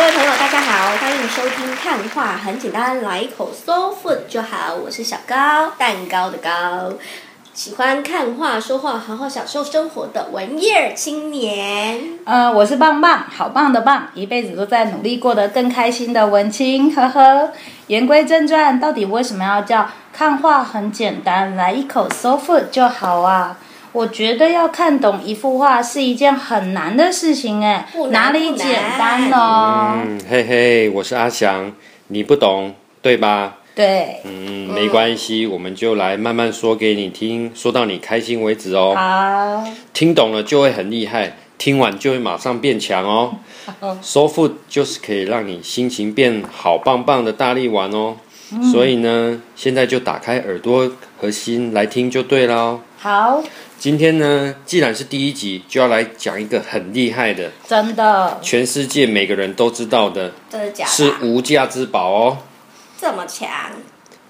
各位朋友，大家好，歡迎收聽《看畫很簡單》，來一口 soul food 就好。我是小高，蛋糕的高，喜歡看畫、說話，好好享受生活的文藝青年。呃，我是棒棒，好棒的棒，一輩子都在努力，過得更開心的文青。呵呵。言歸正傳，到底為什麼要叫《看畫很簡單》，來一口 soul food 就好啊？我覺得要看懂一幅畫是一件很難的事情哎，哪裡簡單呢？哦？嗯嘿嘿，我是阿翔，你不懂對吧？對。嗯，沒關係、嗯，我們就來慢慢說給你聽，說到你開心為止哦。好。聽懂了就會很厲害，聽完就會馬上變強哦。收腹、so、就是可以讓你心情變好棒棒的大力丸哦，嗯。所以呢，現在就打開耳朵和心來聽就對了哦。好，今天呢，既然是第一集，就要來講一個很厲害的，真的，全世界每個人都知道的，真的假的？是無價之寶哦，這麼強，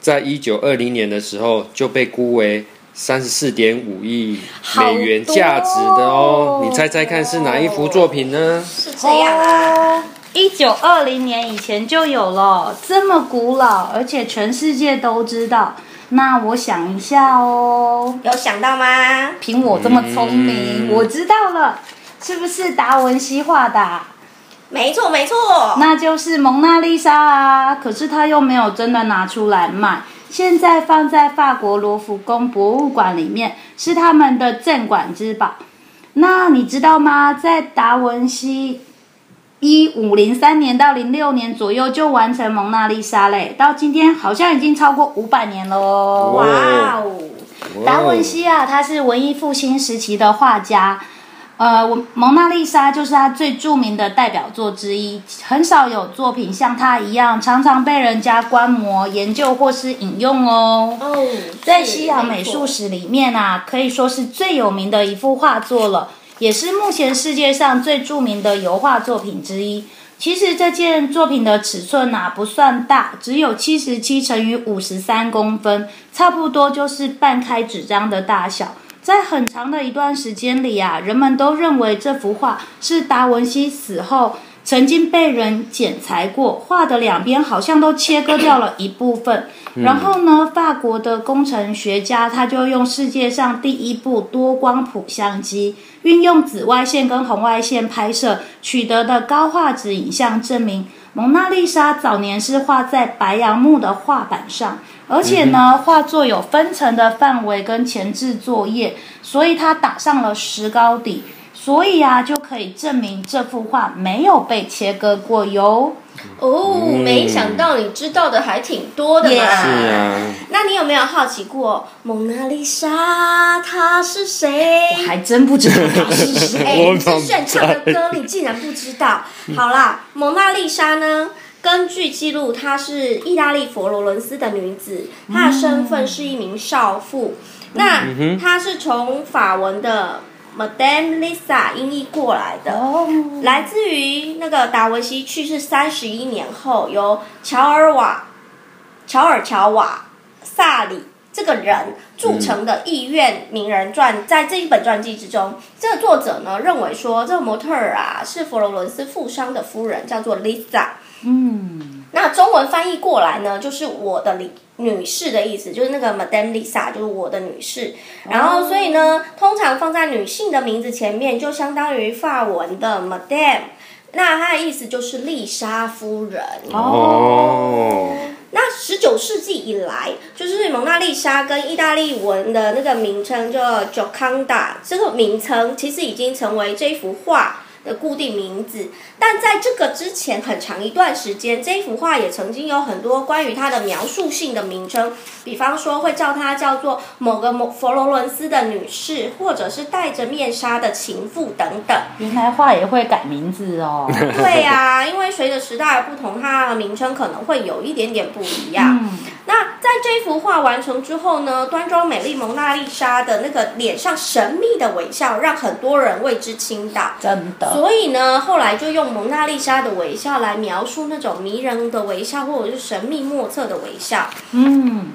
在一九二零年的時候就被估為三十四點五億美元價值的哦,哦，你猜猜看是哪一幅作品呢？是這樣啊，一九二零年以前就有了，這麼古老，而且全世界都知道。那我想一下哦，有想到嗎？憑我這麼聰明，嗯、我知道了，是不是達文西畫的、啊？沒錯，沒錯，那就是蒙娜麗莎啊。可是他又沒有真的拿出來賣，現在放在法國羅浮宮博物館裡面，是他們的鎮館之寶。那你知道嗎？在達文西。一五零三年到零六年左右就完成《蒙娜麗莎》嘞，到今天好像已經超過五百年咯。哇哦，哇哦，達文西啊，他是文藝復興時期的畫家，呃，蒙娜麗莎就是他最著名的代表作之一，很少有作品像他一樣常常被人家觀摩、研究或是引用哦。哦，在西洋美術史裡面啊，可以說是最有名的一幅畫作了。也是目前世界上最著名的油畫作品之一。其實這件作品的尺寸呢，啊，不算大，只有七十七乘以五十三公分，差不多就是半開紙張的大小。在很長的一段時間裡啊，人們都認為這幅畫是達文西死後。曾經被人剪裁過，畫的兩邊好像都切割掉了一部分。嗯、然後呢，法國的工程學家他就用世界上第一部多光譜相機，運用紫外線跟紅外線拍攝，取得的高畫質影像，證明蒙娜麗莎早年是畫在白楊木的畫板上，而且呢，畫作有分層的範圍跟前置作業，所以它打上了石膏底。所以啊，就可以證明這幅畫沒有被切割過喲。哦，沒想到你知道的還挺多的、yeah. 那你有沒有好奇過蒙娜麗莎？她是誰？我還真不知道。她是誰？志炫唱的歌你竟然不知道？好啦，蒙 娜麗莎呢？根據記錄，她是意大利佛羅倫斯的女子，她的身份是一名少婦。嗯、那她是從法文的。Madame Lisa 音譯過來的，oh. 來自於那個達文西去世三十一年後，由喬爾瓦、喬爾喬瓦薩里這個人著成的《藝苑名人傳》嗯。在這一本傳記之中，這個作者呢認為說，這個模特兒啊是佛羅倫斯富商的夫人，叫做 Lisa。嗯，那中文翻譯過來呢，就是我的禮。女士的意思就是那個 Madame Lisa，就是我的女士。Oh. 然後，所以呢，通常放在女性的名字前面，就相當於法文的 Madame。那她的意思就是麗莎夫人。哦、oh.。那十九世紀以來，就是蒙娜麗莎跟意大利文的那個名稱叫 Gioconda，這個名稱其實已經成為這一幅畫。的固定名字，但在這個之前很長一段時間，這幅畫也曾經有很多關於它的描述性的名稱，比方說會叫它叫做某個佛羅倫斯的女士，或者是戴着面紗的情婦等等。原來畫也會改名字哦。 對呀、啊，因為隨着時代的不同，它的名稱可能會有一點點不一樣。嗯那在這幅畫完成之後呢，端莊美麗蒙娜麗莎的那個臉上神秘的微笑，讓很多人為之傾倒，真的。所以呢，後來就用蒙娜麗莎的微笑來描述那種迷人的微笑，或者是神秘莫測的微笑。嗯。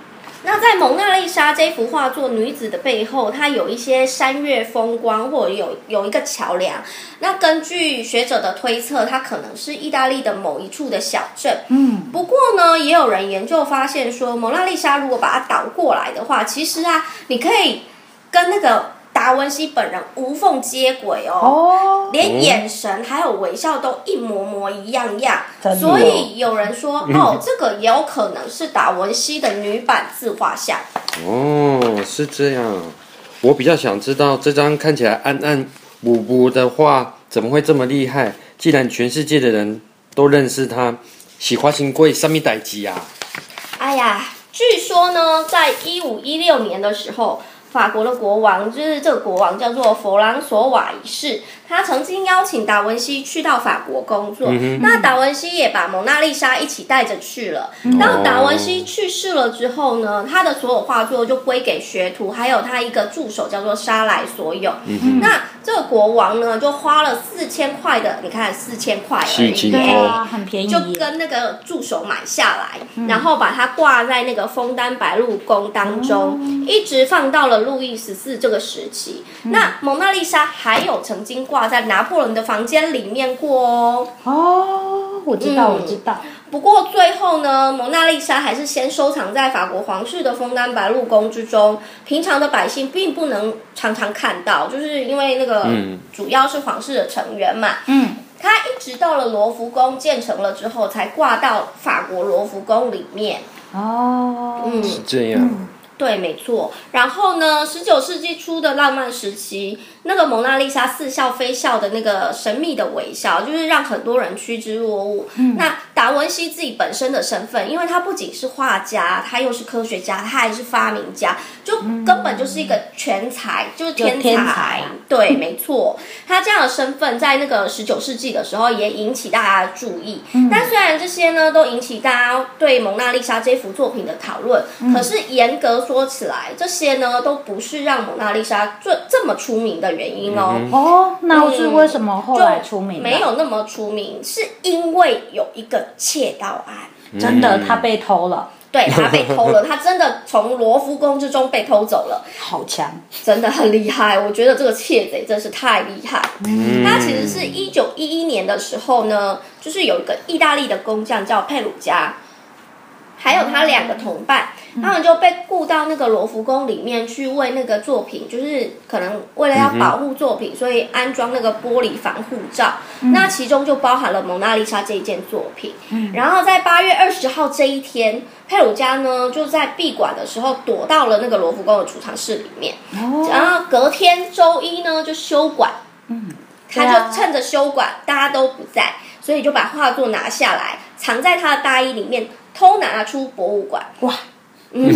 那在蒙娜麗莎這幅畫作女子的背後，它有一些山岳風光，或者有有一個橋梁。那根據學者的推測，它可能是意大利的某一處的小鎮。嗯，不過呢，也有人研究發現說，蒙娜麗莎如果把它倒過來的話，其實啊，你可以跟那個。達文西本人無縫接軌哦、oh,，連眼神還有微笑都一模模一樣樣、嗯，所以有人說 哦，這個也有可能是達文西的女版自畫像。哦、oh,，是這樣，我比較想知道這張看起來暗暗無無的畫怎麼會這麼厲害？既然全世界的人都認識他，喜花新貴三米百吉啊！哎呀，據說呢，在一五一六年的時候。法國的國王就是這個國王叫做弗朗索瓦一世。他曾經邀請達文西去到法國工作、嗯，那達文西也把蒙娜麗莎一起帶着去了。嗯、到達文西去世了之後呢、嗯，他的所有畫作就歸給學徒，還有他一個助手叫做沙萊所有。嗯、那這個國王呢，就花了四千塊的，你看四千塊而已，四千哦，很便宜，就跟那個助手買下來，嗯、然後把它掛在那個楓丹白露宮當中、嗯，一直放到了路易十四這個時期。嗯、那蒙娜麗莎還有曾經掛。在拿破崙的房間裡面過哦。哦我、嗯，我知道，我知道。不過最後呢，蒙娜麗莎還是先收藏在法國皇室的楓丹白露宮之中，平常的百姓並不能常常看到，就是因為那個主要是皇室的成員嘛。嗯，他一直到了羅浮宮建成了之後，才掛到法國羅浮宮裡面。哦，嗯、是這樣、嗯。對，沒錯。然後呢，十九世紀初的浪漫時期。那個蒙娜麗莎似笑非笑的那個神秘的微笑，就是讓很多人趨之若鶩、嗯。那達文西自己本身的身份，因為他不僅是畫家，他又是科學家，他還是發明家，就根本就是一個全才，就是天才。天才啊、對、嗯，沒錯。他這樣的身份，在那個十九世紀的時候，也引起大家的注意、嗯。但雖然這些呢，都引起大家對蒙娜麗莎這幅作品的討論、嗯，可是嚴格說起來，這些呢，都不是讓蒙娜麗莎這這麼出名的。原因哦哦，那我是為什麼後來出名、嗯、沒有那麼出名？是因為有一個竊盜案，真的他被偷了， 對，他被偷了，他真的從羅浮宮之中被偷走了，好強，真的很厲害。我覺得這個竊賊真是太厲害。 他其實是一九一一年的時候呢，就是有一個意大利的工匠叫佩魯加。還有他兩個同伴、嗯，他們就被雇到那個羅浮宮裡面去為那個作品，就是可能為了要保護作品，所以安裝那個玻璃防護罩。嗯、那其中就包含了蒙娜麗莎這一件作品。嗯、然後在八月二十號這一天，嗯、佩魯加呢就在閉館的時候躲到了那個羅浮宮的儲藏室裡面。哦、然後隔天周一呢就休館、嗯，他就趁着休館，大家都不在，嗯、所以就把畫作拿下來，藏在他的大衣裡面。偷拿出博物館，哇，嗯，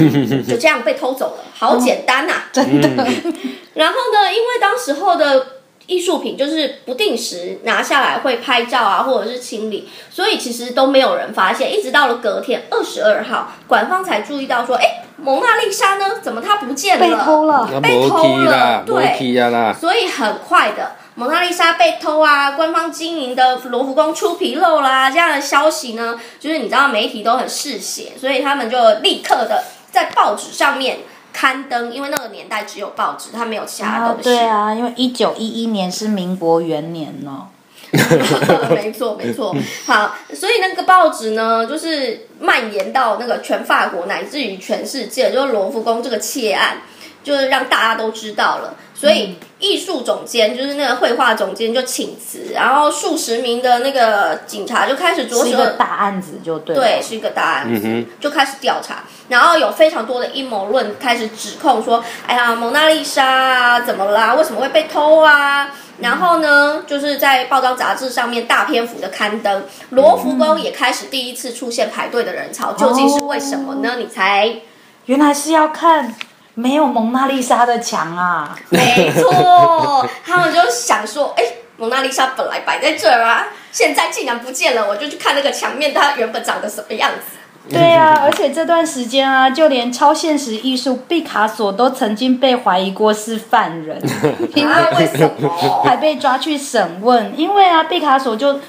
就這樣被偷走了，好簡單吶、啊哦，真的。 然後呢，因為當時候的藝術品就是不定時拿下來會拍照啊，或者是清理，所以其實都沒有人發現，一直到了隔天二十二號館方才注意到說，哎、欸，蒙娜麗莎呢？怎麼她不見了？被偷了，被偷了，對，所以很快的。蒙娜麗莎被偷啊！官方經營的羅浮宮出紕漏啦！這樣的消息呢，就是你知道媒體都很嗜血，所以他們就立刻的在報紙上面刊登。因為那個年代只有報紙，它沒有其他的東西。對啊，因為一九一一年是民國元年哦。 沒錯，沒錯。好，所以那個報紙呢，就是蔓延到那個全法國，乃至於全世界，就是羅浮宮這個竊案。就是讓大家都知道了，所以藝術總監就是那個繪畫總監就請辭，然後數十名的那個警察就開始着手一個大案子，就對，對，是一個大案子，嗯、就開始調查，然後有非常多的陰謀論開始指控說，哎呀，蒙娜麗莎、啊、怎麼啦、啊？為什麼會被偷啊？然後呢，就是在報章雜誌上面大篇幅的刊登，羅浮宮也開始第一次出現排隊的人潮，嗯、究竟是為什麼呢？哦、你才原來是要看。沒有蒙娜麗莎的牆啊！沒錯，他們就想說，哎、欸，蒙娜麗莎本來擺在這兒啊，現在竟然不見了，我就去看那個牆面它原本長得什麼樣子。對啊，而且這段時間啊，就連超現實藝術畢卡索都曾經被懷疑過是犯人，因 為、啊、為什麼？還被抓去審問？因為啊，畢卡索就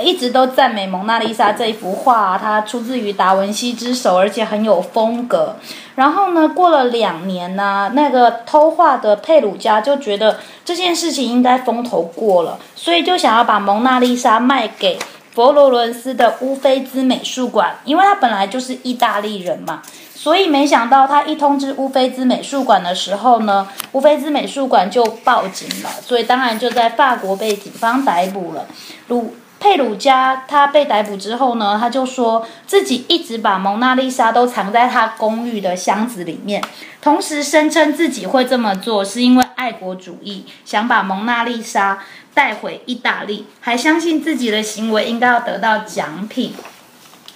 一直都讚美蒙娜麗莎這一幅畫，啊，它出自於達文西之手，而且很有風格。然後呢，過了兩年呢，啊，那個偷畫的佩魯加就覺得這件事情應該風頭過了，所以就想要把蒙娜麗莎賣給佛羅倫斯的烏菲茲美術館，因為他本來就是意大利人嘛。所以沒想到他一通知烏菲茲美術館的時候呢，烏菲茲美術館就報警了，所以當然就在法國被警方逮捕了。如佩魯加他被逮捕之後呢，他就說自己一直把蒙娜麗莎都藏在他公寓的箱子裡面，同時聲稱自己會這麼做是因為愛國主義，想把蒙娜麗莎帶回意大利，還相信自己的行為應該要得到獎品。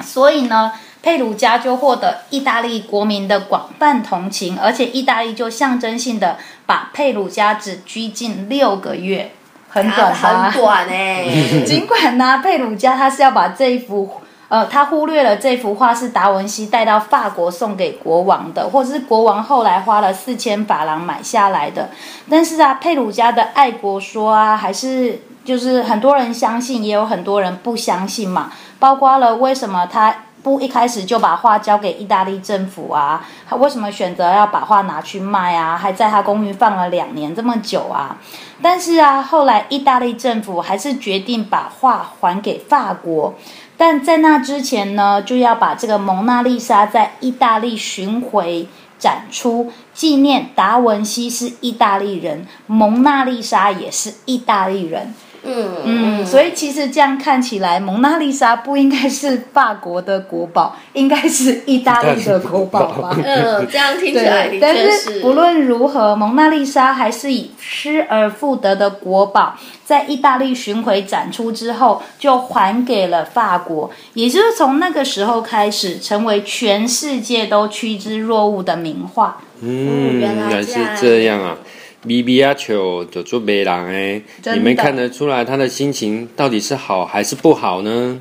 所以呢，佩魯加就獲得意大利國民的廣泛同情，而且意大利就象徵性的把佩魯加只拘禁六個月。很短、啊、很短誒、欸。盡 管呢、啊，佩魯加他是要把這一幅，呃，他忽略了這幅畫是達文西帶到法國送給國王的，或者是國王後來花了四千法郎買下來的。但是啊，佩魯加的愛國說啊，還是就是很多人相信，也有很多人不相信嘛。包括了為什麼他。不一開始就把畫交給意大利政府啊？他為什麼選擇要把畫拿去賣啊？還在他公寓放了兩年這麼久啊？但是啊，後來意大利政府還是決定把畫還給法國，但在那之前呢，就要把這個《蒙娜麗莎》在意大利巡迴展出，紀念達文西是意大利人，《蒙娜麗莎》也是意大利人。嗯，嗯，所以其實這樣看起來，蒙娜麗莎不應該是法國的國寶，應該是意大利的國寶吧？嗯， 嗯，這樣聽起來的確是。但是不論如何，蒙娜麗莎還是以失而復得的國寶，在意大利巡迴展出之後，就還給了法國。也就是從那個時候開始，成為全世界都趨之若鶩的名畫。嗯。嗯，原來這是這樣啊。微微笑就很迷人欸，你們看得出來他的心情到底是好還是不好呢？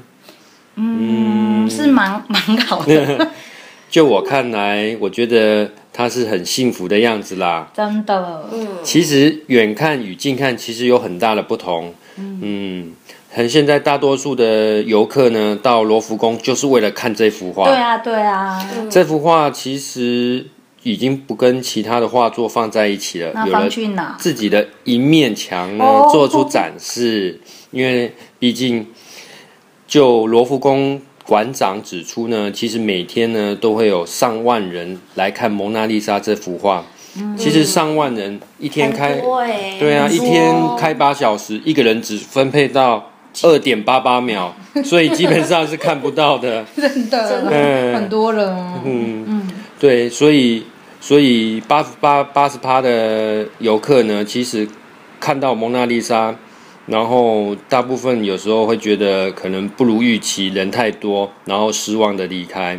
嗯，嗯，是蠻蠻好的。 就我看來，我覺得他是很幸福的樣子啦。真的，嗯。其實，遠看與近看其實有很大的不同。嗯，嗯。很現在大多數的遊客呢，到羅浮宮就是為了看這幅畫。對啊，對啊。嗯、這幅畫其實。已經不跟其他的畫作放在一起了去哪，有了自己的一面牆呢、哦，做出展示。哦、因為畢竟，就羅浮宮館長指出呢，其實每天呢都會有上萬人來看《蒙娜麗莎》這幅畫，嗯。其實上萬人一天開，欸、對啊，一天開八小時，一個人只分配到二點八八秒，所以基本上是看不到的。 真的，嗯，很多人、哦，嗯，嗯對，所以。所以八十八八十趴的遊客呢，其實看到蒙娜麗莎，然後大部分有時候會覺得可能不如預期，人太多，然後失望的離開。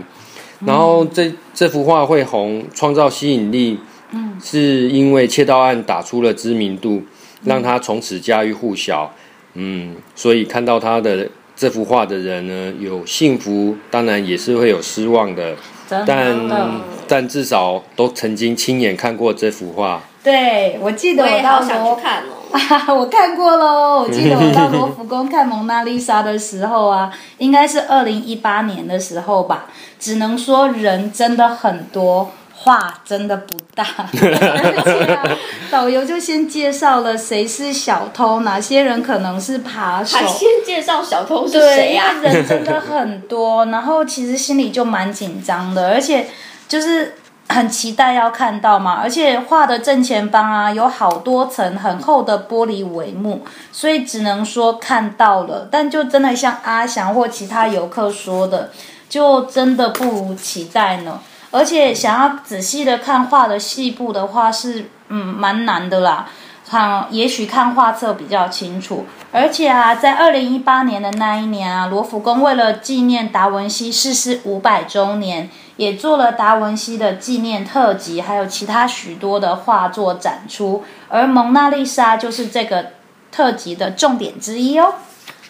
嗯、然後這這幅畫會紅，創造吸引力，嗯、是因為竊盜案打出了知名度、嗯，讓他從此家喻戶曉。嗯，所以看到他的這幅畫的人呢，有幸福，當然也是會有失望的，的但。但至少都曾經親眼看過這幅畫。對，我記得我到時候看了，啊，我看過咯。我記得我到羅浮宮看《蒙娜麗莎》的時候啊，應該是二零一八年的時候吧。只能說人真的很多，畫真的不大。 啊、導遊就先介紹了誰是小偷，哪些人可能是扒手，還先介紹小偷是誰呀，啊？人真的很多，然後其實心裡就蠻緊張的，而且。就是很期待要看到嘛，而且畫的正前方啊，有好多層很厚的玻璃帷幕，所以只能說看到了，但就真的像阿翔或其他遊客說的，就真的不如期待呢。而且想要仔細的看畫的細部的話是，是嗯蠻難的啦。看、嗯、也許看畫冊比較清楚。而且啊，在二零一八年的那一年啊，羅浮宮為了紀念達文西逝世五百周年。也做了達文西的紀念特輯，還有其他許多的畫作展出，而蒙娜麗莎就是這個特輯的重點之一哦。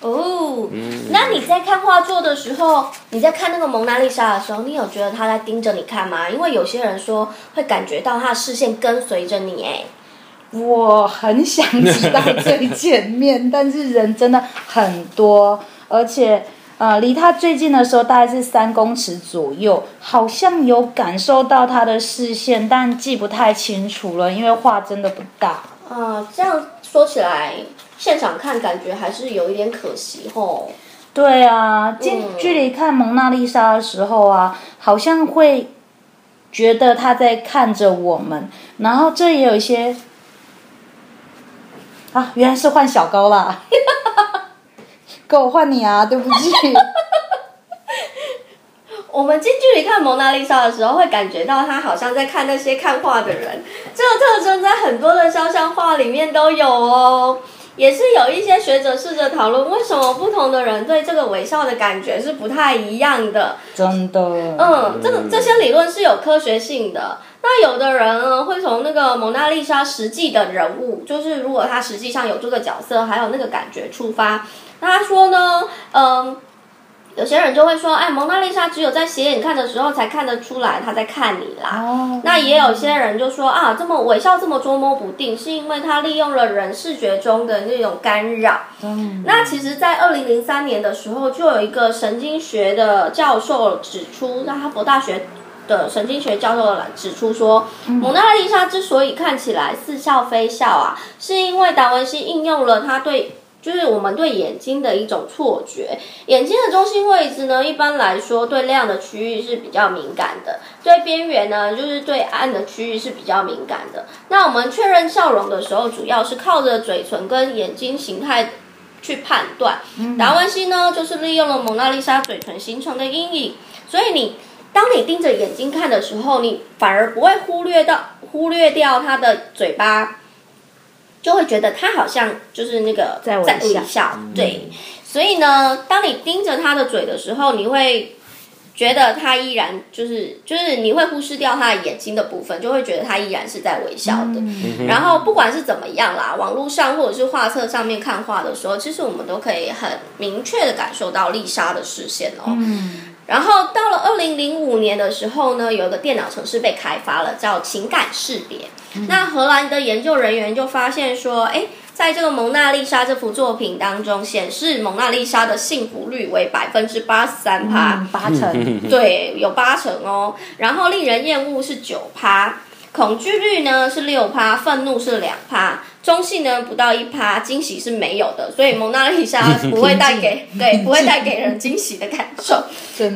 哦，那你在看畫作的時候，你在看那個蒙娜麗莎的時候，你有覺得她在盯着你看嗎？因為有些人說會感覺到她的視線跟隨着你哎、欸。我很想知道最前面， 但是人真的很多，而且。啊、呃，離他最近的時候大概是三公尺左右，好像有感受到他的視線，但記不太清楚了，因為畫真的不大。啊、呃，這樣說起來，現場看感覺還是有一點可惜哦。對啊，近，嗯，距離看蒙娜麗莎的時候啊，好像會覺得他在看着我們，然後這也有一些啊，原來是換小高啦。 跟我換你啊！對不起。 我們近距離看蒙娜麗莎的時候，會感覺到她好像在看那些看畫的人。這個特徵在很多的肖像畫裡面都有哦。也是有一些學者試着討論，為什麼不同的人對這個微笑的感覺是不太一樣的。真的。嗯，這這些理論是有科學性的。那有的人呢會從那個蒙娜麗莎實際的人物，就是如果他實際上有這個角色，還有那個感覺出發。那他說呢，嗯，有些人就會說，哎，蒙娜麗莎只有在斜眼看的時候才看得出來她在看你啦，哦。那也有些人就說啊，這麼微笑，這麼捉摸不定，是因為他利用了人視覺中的那種干擾，嗯。那其實，在二零零三年的時候，就有一個神經學的教授指出，那哈佛大學的神經學教授來指出說，蒙娜麗莎之所以看起來似笑非笑啊，是因為達文西應用了他對。就是我們對眼睛的一種錯覺，眼睛的中心位置呢，一般來說對亮的區域是比較敏感的，對邊緣呢，就是對暗的區域是比較敏感的。那我們確認笑容的時候，主要是靠着嘴唇跟眼睛形態去判斷。達文西呢，就是利用了蒙娜麗莎嘴唇形成的陰影，所以你當你盯着眼睛看的時候，你反而不會忽略到，忽略掉她的嘴巴。就會覺得他好像就是那個在微笑，微笑對、嗯，所以呢，當你盯着他的嘴的時候，你會覺得他依然就是就是你會忽視掉他的眼睛的部分，就會覺得他依然是在微笑的。嗯、然後不管是怎麼樣啦，網絡上或者是畫冊上面看畫的時候，其實我們都可以很明確的感受到麗莎的視線哦。嗯、然後當。零五年的時候呢，有一個電腦程式被開發了，叫情感識別、嗯。那荷蘭的研究人員就發現說，誒，在這個蒙娜麗莎這幅作品當中，顯示蒙娜麗莎的幸福率為百分之八十三趴，八成，對，有八成哦。然後令人厭惡是九趴，恐懼率呢是六趴，憤怒是兩趴。中性呢，不到一趴，驚喜是沒有的，所以蒙娜麗莎不會帶給 對， 不會帶給人驚喜的感受。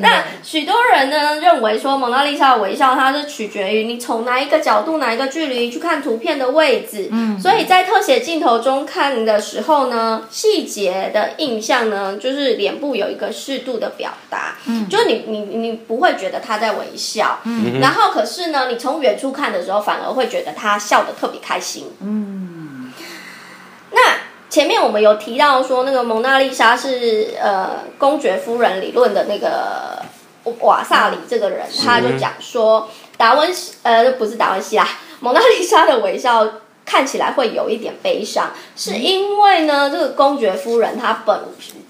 但許多人呢認為說，蒙娜麗莎的微笑，它是取決於你從哪一個角度、哪一個距離去看圖片的位置。嗯，所以在特寫鏡頭中看的時候呢，細節的印象呢就是臉部有一個適度的表達。嗯，就你你你不會覺得他在微笑。嗯，然後可是呢，你從遠處看的時候，反而會覺得他笑得特別開心。嗯。前面我們有提到說，那個蒙娜麗莎是呃公爵夫人理論的那個瓦薩里這個人，他就講說，達文西呃不是達文西啦，蒙娜麗莎的微笑看起來會有一點悲傷，是因為呢這個公爵夫人她本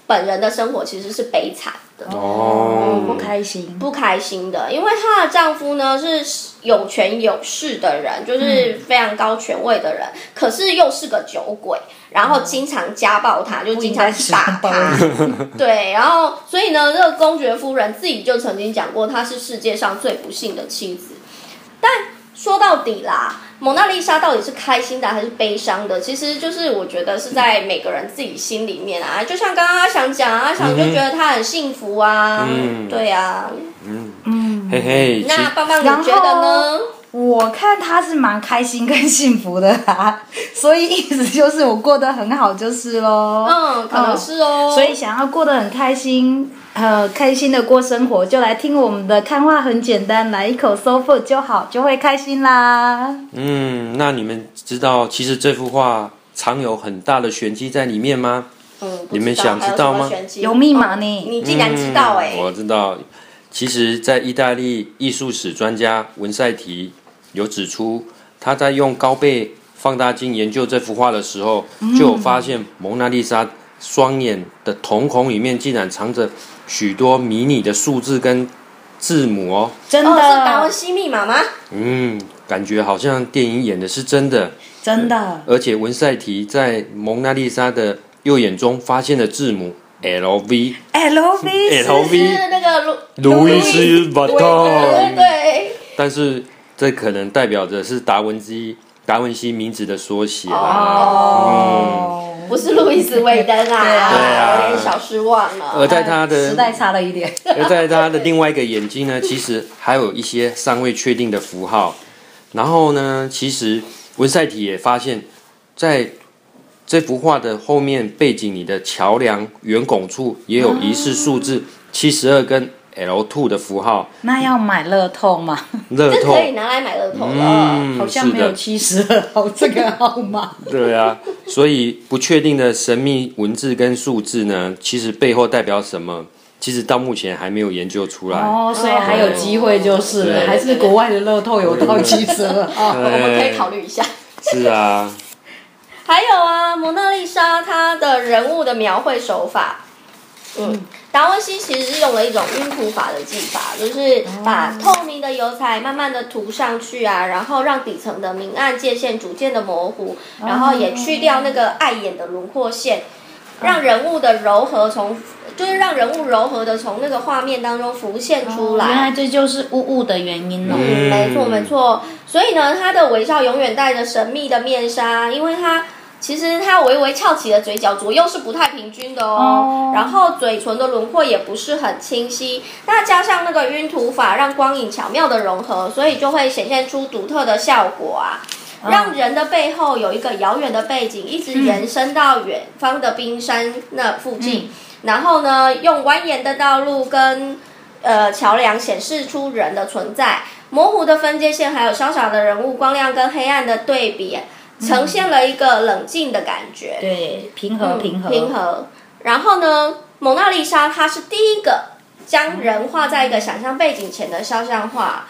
本人的生活其實是悲慘。哦、oh. 嗯，不開心，不開心的，因為她的丈夫呢是有權有勢的人，就是非常高權位的人，嗯，可是又是個酒鬼，然後經常家暴她，嗯，就經常打她。對，然後所以呢，這個公爵夫人自己就曾經講過，她是世界上最不幸的妻子。但說到底啦。蒙娜麗莎到底是開心的還是悲傷的？其實就是我覺得是在每個人自己心裡面啊，嗯、就像剛剛阿翔講，阿翔就覺得他很幸福啊，嗯、對啊嗯，嗯，嘿嘿。那棒棒你覺得呢？我看他是蠻開心跟幸福的啊，所以意思就是我過得很好就是嘍。嗯，可能是哦、嗯。所以想要過得很開心。開心的過生活，就來聽我們的。看畫很簡單，來一口 sofa 就好，就會開心啦。嗯，那你們知道，其實這幅畫藏有很大的玄機在裡面嗎？嗯，你們想知道嗎？有，有密碼呢、嗯，你竟然知道哎、欸！我知道，其實，在意大利藝術史專家文賽提有指出，他在用高倍放大鏡研究這幅畫的時候，就有發現蒙娜麗莎雙眼的瞳孔裡面竟然藏着。許多迷你的數字跟字母哦，真的？是達文西密碼嗎？嗯，感覺好像電影演的是真的。真的。而且文賽提在蒙娜麗莎的右眼中發現了字母 L V L V，是那個路路易斯·布特，對。但是這可能代表着是達文西，達文西名字的縮寫哦。不是路易斯威登啊， 對啊對啊，有點小失望了。而在他的時代差了一點。 而在他的另外一個眼睛呢，其實還有一些尚未確定的符號。 然後呢，其實文賽體也發現，在這幅畫的後面背景裡的橋樑圓拱處，也有疑似數字七十二根。 L two 的符號，那要買樂透嘛？樂透，這可以拿來買樂透了，嗯，好像沒有七十二號這個號碼。 對啊，所以不確定的神秘文字跟數字呢，其實背後代表什麼，其實到目前還沒有研究出來哦。所以還有機會就是對對對，還是國外的樂透有到七十二了對對對，啊、我們可以考慮一下。 是啊，還有啊，《蒙娜麗莎》它的人物的描繪手法。嗯，達文西其實是用了一種暈塗法的技法，就是把透明的油彩慢慢的塗上去啊，然後讓底層的明暗界限逐漸的模糊，然後也去掉那個礙眼的輪廓線，讓人物的柔和從，就是讓人物柔和的從那個畫面當中浮現出來。原來這就是霧霧的原因了。哦，嗯，沒錯，沒錯。所以呢，他的微笑永遠帶着神秘的面紗，因為他。其實它微微翹起的嘴角左右是不太平均的哦，oh. 然後嘴唇的輪廓也不是很清晰。那加上那個暈塗法，讓光影巧妙的融合，所以就會顯現出獨特的效果啊。Oh. 讓人的背後有一個遙遠的背景，一直延伸到遠方的冰山那附近。Oh. 然後呢，用蜿蜒的道路跟呃橋梁顯示出人的存在，模糊的分界線，還有小小的人物，光亮跟黑暗的對比。呈現了一個冷靜的感覺，嗯、對，平衡、嗯、平衡。平衡。然後呢，蒙娜麗莎她是第一個將人畫在一個想象背景前的肖像畫、啊。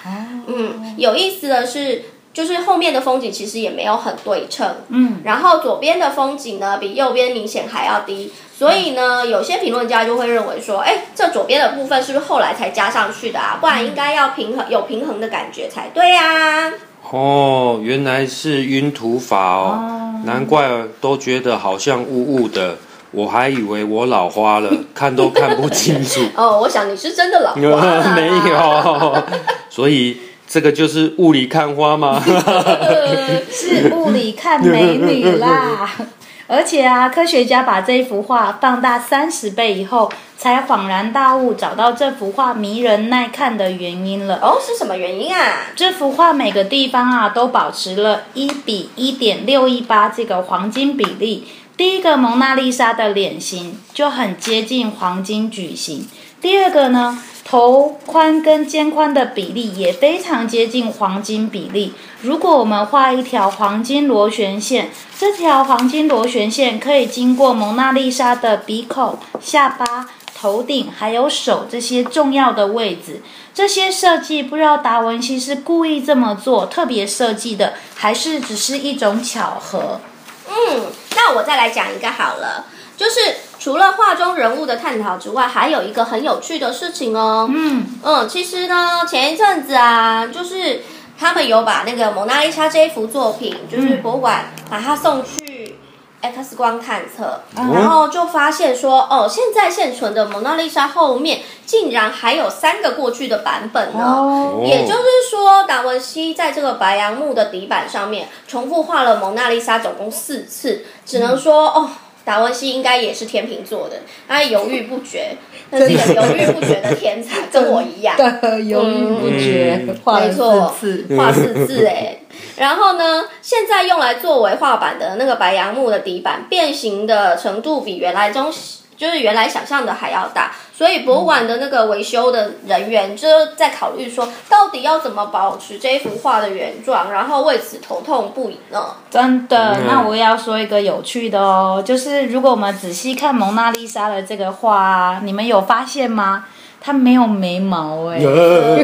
嗯，有意思的是，就是後面的風景其實也沒有很對稱。嗯。然後左邊的風景呢，比右邊明顯還要低，所以呢，有些評論家就會認為說，哎、欸，這左邊的部分是不是後來才加上去的啊？不然應該要平衡、嗯，有平衡的感覺才對呀、啊。哦、oh,，原來是暈塗法哦，oh. 難怪都覺得好像霧霧的，我還以為我老花了， 看都看不清楚。哦、oh,，我想你是真的老花了， 沒有，所以這個就是霧裡看花嗎？ 是霧裡看美女啦。 而且啊，科學家把這幅畫放大三十倍以後，才恍然大悟，找到這幅畫迷人耐看的原因了。哦，是什麼原因啊？這幅畫每個地方啊都保持了一比一點六一八這個黃金比例。第一個，蒙娜麗莎的臉型就很接近黃金矩形。第二個呢，頭寬跟肩寬的比例也非常接近黃金比例。如果我們畫一條黃金螺旋線，這條黃金螺旋線可以經過蒙娜麗莎的鼻孔、下巴、頭頂還有手這些重要的位置。這些設計不知道達文西是故意這麼做、特別設計的，還是只是一種巧合？嗯，那我再來講一個好了，就是。除了畫中人物的探討之外，還有一個很有趣的事情哦。嗯嗯，其實呢，前一陣子啊，就是他們有把那個《蒙娜麗莎》這一幅作品，就是博物館把它送去 X 光探測、嗯，然後就發現說，哦，現在現存的《蒙娜麗莎》後面竟然還有三個過去的版本呢、哦。哦，也就是說，達文西在這個白楊木的底板上面重複畫了《蒙娜麗莎》總共四次，只能說，哦、嗯。達文西應該也是天秤座的，他猶豫不決， 那這個猶豫不決的天才，跟我一樣，猶 豫不決，畫四字，畫四字，哎， 然後呢，現在用來作為畫板的那個白楊木的底板，變形的程度比原來中，就是原來想象的還要大。所以博物館的那個維修的人員就在考慮說，到底要怎麼保持這幅畫的原狀，然後為此頭痛不已呢？真的，那我也要說一個有趣的哦，就是如果我們仔細看蒙娜麗莎的這個畫，你們有發現嗎？她沒有眉毛哎、欸，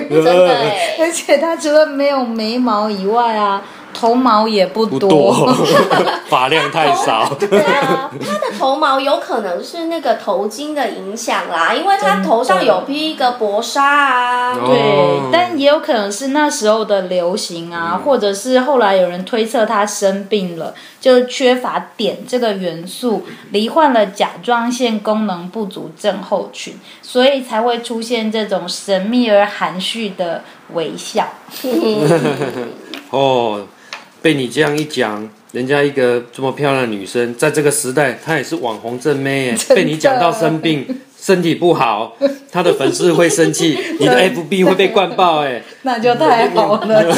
真的、欸，而且她除了沒有眉毛以外啊。頭毛也不多，不多，髮 量太少。 對啊， 他的頭毛有可能是那個頭巾的影響啦，因為他頭上有披一個薄紗啊。對、哦，但也有可能是那時候的流行啊，嗯、或者是後來有人推測他生病了，就缺乏碘這個元素，罹患了甲狀腺功能不足症候群，所以才會出現這種神秘而含蓄的微笑。 哦。被你這樣一講，人家一個這麼漂亮的女生，在這個時代，她也是網紅正妹耶。被你講到生病，身體不好，她的粉絲會生氣，你的 FB 會被灌爆哎。那就太好了。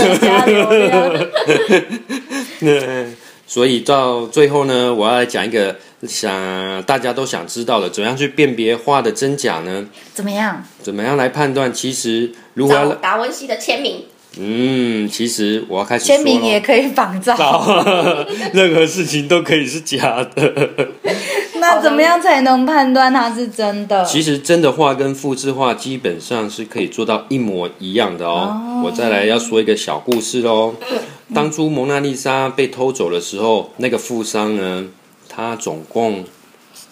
流 所以到最後呢，我要來講一個想大家都想知道的，怎麼樣去辨別畫的真假呢？怎麼樣？怎麼樣來判斷？其實，如果達文西的簽名。嗯，其實我要開始簽名也可以仿造。 任何事情都可以是假的。 那怎麼樣才能判斷它是真的？其實真的畫跟複製畫基本上是可以做到一模一樣的哦。哦，我再來要說一個小故事嘍，嗯。當初蒙娜麗莎被偷走的時候，那個富商呢，他總共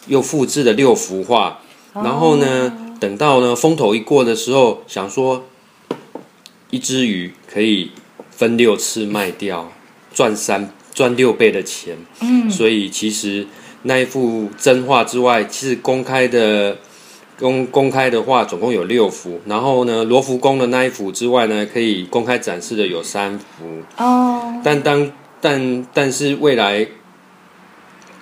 又複製了六幅畫，哦，然後呢，等到呢風頭一過的時候，想說。一隻魚可以分六次賣掉，賺三賺六倍的錢。嗯，所以其實那一幅真畫之外，其實公開的公公開的畫總共有六幅。然後呢，羅浮宮的那一幅之外呢，可以公開展示的有三幅。哦，但當但但是未來。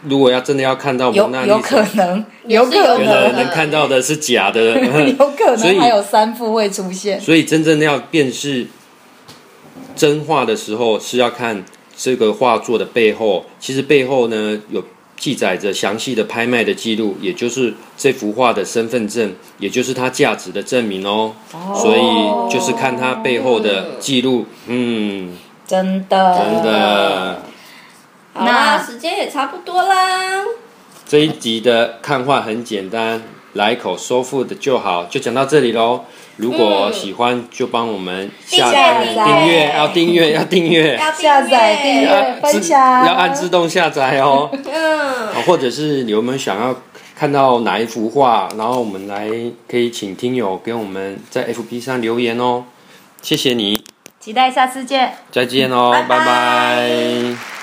如果要真的要看到我們那裡有，有可能，有，有可能有能看到的是假的，有可能，還有三幅會出現所。所以真正要辨識真畫的時候，是要看這個畫作的背後。其實背後呢，有記載着詳細的拍賣的記錄，也就是這幅畫的身份證，也就是它價值的證明哦、oh。所以就是看它背後的記錄、oh。嗯，真的，真的。那時間也差不多啦。這一集的看畫很簡單，來一口收復的就好，就講到這裡嘍。如果喜歡，嗯、就幫我們下載、訂閱，要訂閱， 要訂閱，要下載、訂閱、分享，要按自動下載哦、喔。嗯。 或者是有沒有想要看到哪一幅畫，然後我們來可以請聽友給我們在 FB 上留言哦、喔。謝謝你，期待下次見，再見哦，拜拜。拜拜。